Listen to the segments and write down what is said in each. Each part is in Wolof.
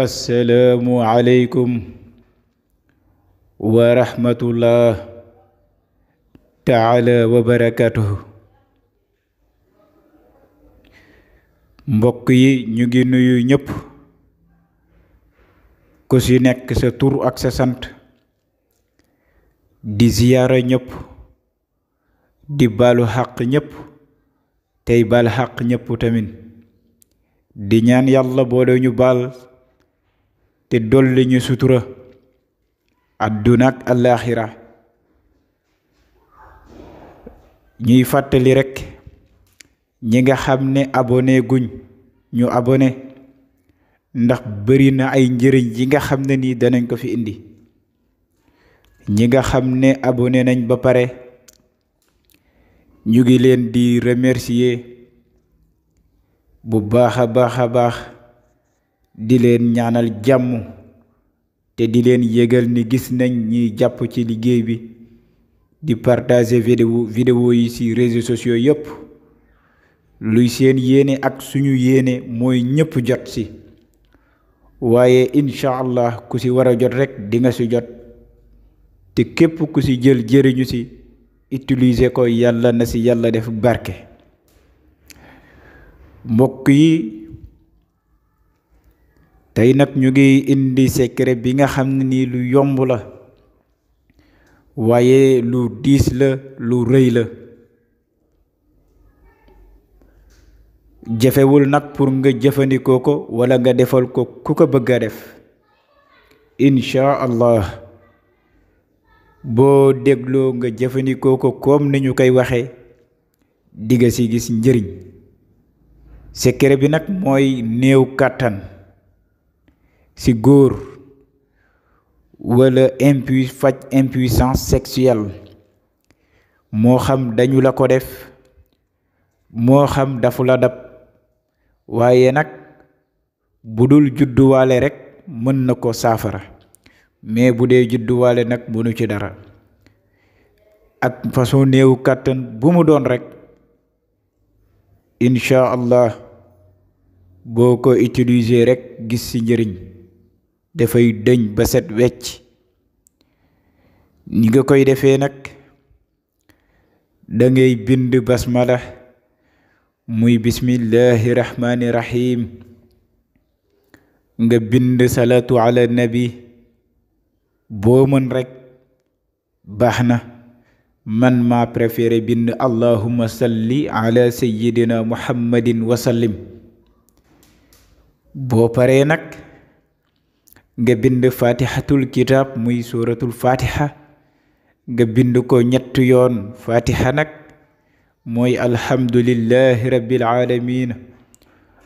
assalaamu aleykum wa rahmatullah taala wa barakatuhu mbokk yi ñu ngi nuyu ñëpp ku ci nekk sa tur ak sa sant di ziyaara ñëpp di baalu xaq ñëpp tey baal xaq ñëpp tamit di ñaan yàlla boole ñu baal te dolli ñu sutura àdduna ak àllaaxira ñuy fàttali rekk ñi nga xam ne abonné guñ ñu abone ndax bari na ay njëriñ yi nga xam ne nii danañ ko fi indi ñi nga xam ne abone nañ ba pare ñu ngi leen di remercier bu baax a baax a baax di leen ñaanal jàmm te di leen yëgal ni gis nañ ñiy jàpp ci liggéey bi di partager vidéo vidéo yi ci réseaux sociaux yépp luy seen yéene ak suñu yéene mooy ñépp jot si waaye incha allah ku ci wara jot rekk dinga nga ci jot te képp ku ci jël jëriñu ci utiliser ko yàlla na ci yàlla def barke mbokk yi tey nag ñu ngi indi secret bi nga xam ne nii lu yomb la waaye lu diis la lu rëy la jafewul nag pour nga jëfandikoo ko wala nga defal ko ku ko bëgg a def inchaa allah boo dégloo nga jëfandikoo ko comme ni koy waxee dinga si gis njëriñ secret bi nag mooy néew kàttan ci góor wala impui faj impuissance sexuelle moo xam dañu la ko def moo xam dafu la dab waaye nag bu dul judduwaale rekk mën na ko saafara mais bu dee judduwaale nag mënu ci dara ak façon néewu kàttan bu mu doon rek incha allah boo ko utiliser rekk gis ci njëriñ dafay dëñ ba set wecc ñi nga koy defe nag da ngay bind basmala muy bismillahi rahmaani rahim nga bind salatu ala nabi boo mën rekk baax na man ma préféré bind allahumma salli ala sayyidina muhammadin wasallim boo paree nag nga bind fatihatul kitab muy suratul fatiha nga bind ko ñetti yoon fatiha nag mooy alhamdulillahi rabbil aalamiin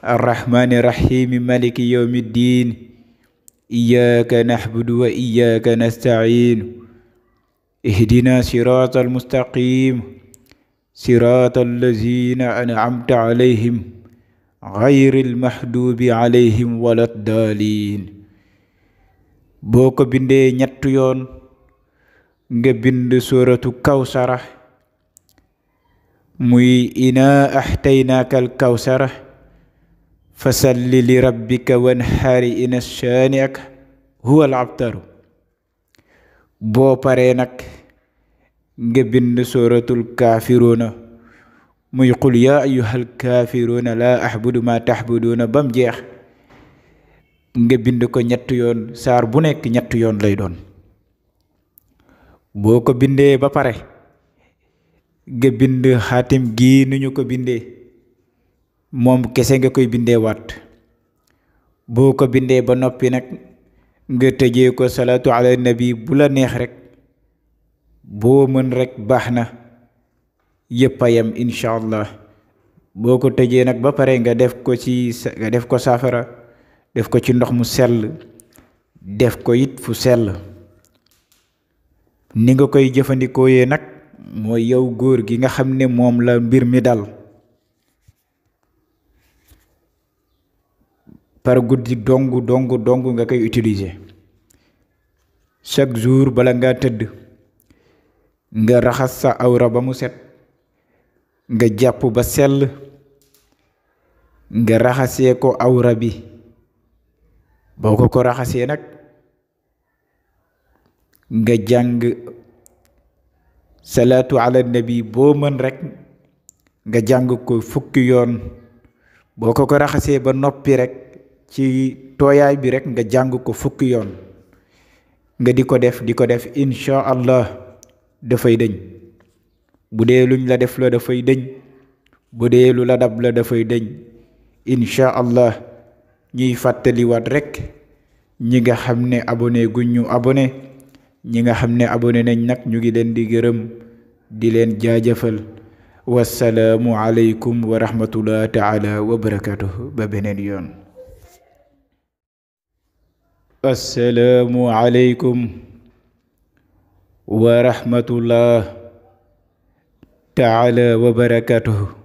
arrahmaani rahimi maliki yawmi ddiin iyyaka nahbudu wa iyyaka nasta'iin ihdina siraata almustaqim siraata allazina an'amta alayhim gayri almahdubi alayhim wala ddaalin boo ko bindee ñett yoon nga bind suratu kawsara muy ina axtaynaaka al kawsara fa salli li rabbika wanxaari ina shaani'aka huwa al abtaru boo paree nag nga bind suratul kaafiruuna muy qul yaa ayyuhal kaafiruuna laa axbudu maa taxbuduuna bam jeex nga bind ko ñett yoon saar bu nekk ñett yoon lay doon boo ko bindee ba pare nga bind xaatim gii ni ñu ko bindee moom kese nga koy bindee waat boo ko bindee ba noppi nag nga tëjee ko salaatu ala nabi bu la neex rek boo mën rek baax na yépp a yem incha allah boo ko tëjee nag ba pare nga def ko ci def ko saafara def ko ci ndox mu sell def ko it fu sell ni nga koy jëfandikoo yee nag mooy yow góor gi nga xam ne moom la mbir mi dal par guddi dong dong dong nga koy utiliser chaque jour bala nga tëdd nga raxas sa awra ba mu set nga jàpp ba sell nga raxasee ko awra bi boo ko ko raxasee nag nga jàng salaatu ala nabi boo mën rekk nga jàng ko fukki yoon boo ko ko raxasee ba noppi rekk ci tooyaay bi rek nga jàng ko fukki yoon nga di ko def di ko def insha allah dafay dëñ bu dee luñ la def la dafay dëñ bu dee lu la dab la dafay dëñ insha allah ñuy fàttaliwaat rekk ñi nga xam ne abonné guñ ñu abone ñi nga xam ne abone nañ nag ñu ngi leen di gërëm di leen jaajëfal wasalaamu aleykum wa rahmatullah taala wa barakatuh ba beneen yoon asalaamu aleykum wa rahmatullah taala